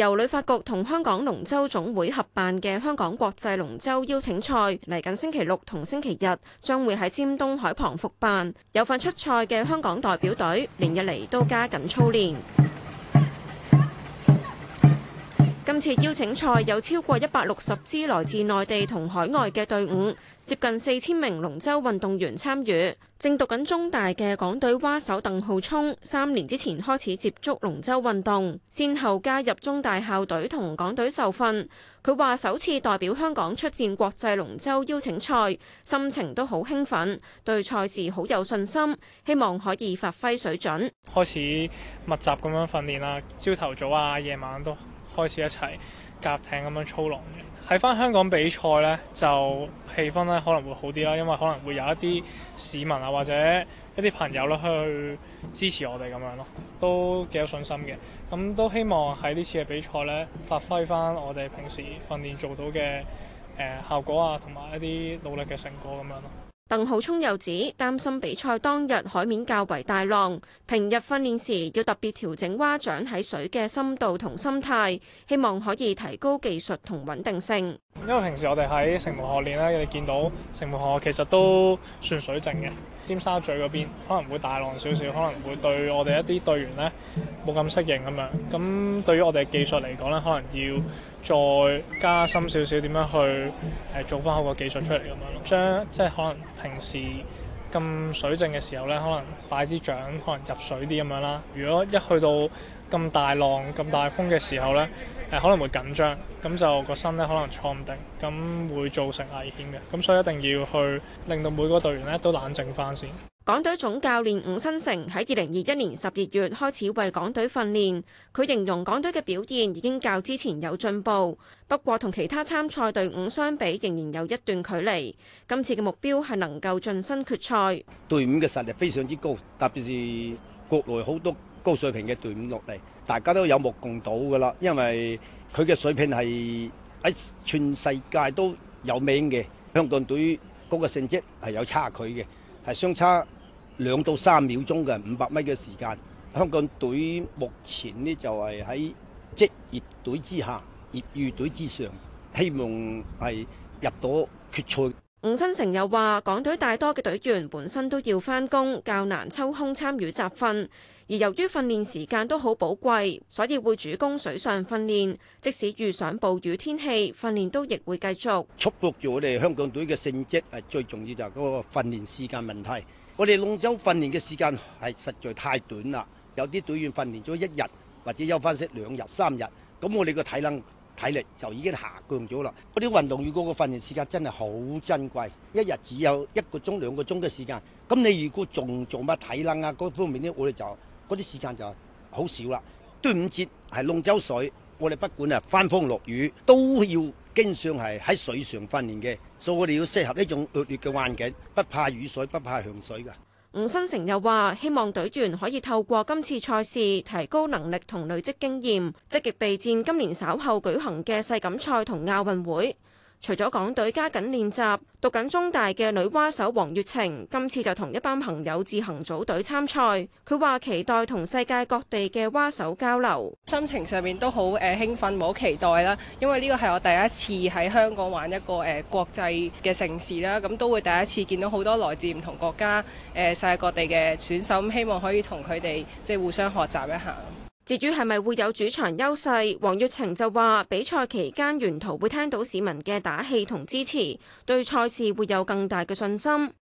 由旅發局同香港龍舟總會合辦嘅香港國際龍舟邀請賽，嚟緊星期六同星期日將會喺尖東海旁復辦，有份出賽嘅香港代表隊連日嚟都加緊操練。今次邀請賽有超過一百六十支來自內地同海外嘅隊伍，接近四千名龍舟運動員參與。正讀緊中大嘅港隊劃手鄧浩聰，三年之前開始接觸龍舟運動，先後加入中大校隊同港隊受訓。佢話首次代表香港出戰國際龍舟邀請賽，心情都好興奮，對賽事好有信心，希望可以發揮水準。開始密集咁樣訓練啦，朝頭早啊，夜晚都。開始一齊夾艇咁樣操浪嘅，喺翻香港比賽呢，就氣氛咧可能會好啲啦，因為可能會有一啲市民啊或者一啲朋友啦去支持我哋咁樣咯，都幾有信心嘅。咁都希望喺呢次嘅比賽呢發揮翻我哋平時訓練做到嘅、呃、效果啊，同埋一啲努力嘅成果咁樣咯。鄧浩聰又指，擔心比賽當日海面較為大浪，平日訓練時要特別調整蛙掌喺水嘅深度同心態，希望可以提高技術同穩定性。因為平時我哋喺城門河練呢，你見到城門河其實都算水靜嘅，尖沙咀嗰邊可能會大浪少少，可能會對我哋一啲隊員呢。冇咁適應咁樣，咁對於我哋嘅技術嚟講呢，可能要再加深少少點樣去，呃、做翻好個技術出嚟咁樣咯。將即係可能平時咁水靜嘅時候呢，可能擺支槳可能入水啲咁樣啦。如果一去到咁大浪、咁大風嘅時候呢，誒、呃、可能會緊張，咁就個身呢可能坐唔定，咁會造成危險嘅。咁所以一定要去令到每個隊員呢都冷靜翻先。港隊總教練伍新成喺二零二一年十二月開始為港隊訓練，佢形容港隊嘅表現已經較之前有進步，不過同其他參賽隊伍相比，仍然有一段距離。今次嘅目標係能夠晉身決賽。隊伍嘅實力非常之高，特別是國內好多高水平嘅隊伍落嚟，大家都有目共睹噶啦。因為佢嘅水平係喺全世界都有名嘅，香港隊嗰個成績係有差距嘅。係相差兩到三秒鐘嘅五百米嘅時間，香港隊目前呢就係喺職業隊之下，業餘隊之上，希望係入到決賽。伍新成又話：港隊大多嘅隊員本身都要翻工，較難抽空參與集訓。而由於訓練時間都好寶貴，所以會主攻水上訓練。即使遇上暴雨天氣，訓練都亦會繼續。促迫住我哋香港隊嘅成績，係最重要就係嗰個訓練時間問題。我哋龍舟訓練嘅時間係實在太短啦，有啲隊員訓練咗一日，或者休翻息兩日、三日，咁我哋個體能。體力就已經下降咗啦，嗰啲運動員嗰個訓練時間真係好珍貴，一日只有一個鐘兩個鐘嘅時，時間，咁你如果仲做乜體能啊嗰方面咧，我哋就嗰啲時間就好少啦。端午節係龍舟水，我哋不管係翻風落雨都要經常係喺水上訓練嘅，所以我哋要適合呢種惡劣嘅環境，不怕雨水，不怕強水㗎。吳新成又話，希望隊員可以透過今次賽事提高能力同累積經驗，積極備戰今年稍後舉行嘅世錦賽同亞運會。除咗港隊加緊練習，讀緊中大嘅女划手黃月晴，今次就同一班朋友自行組隊參賽。佢話期待同世界各地嘅划手交流，心情上面都好誒興奮，好期待啦。因為呢個係我第一次喺香港玩一個誒國際嘅盛事啦，咁都會第一次見到好多來自唔同國家誒世界各地嘅選手，希望可以同佢哋即係互相學習一下。至於係咪會有主場優勢，黃月晴就話，比賽期間沿途會聽到市民嘅打氣同支持，對賽事會有更大嘅信心。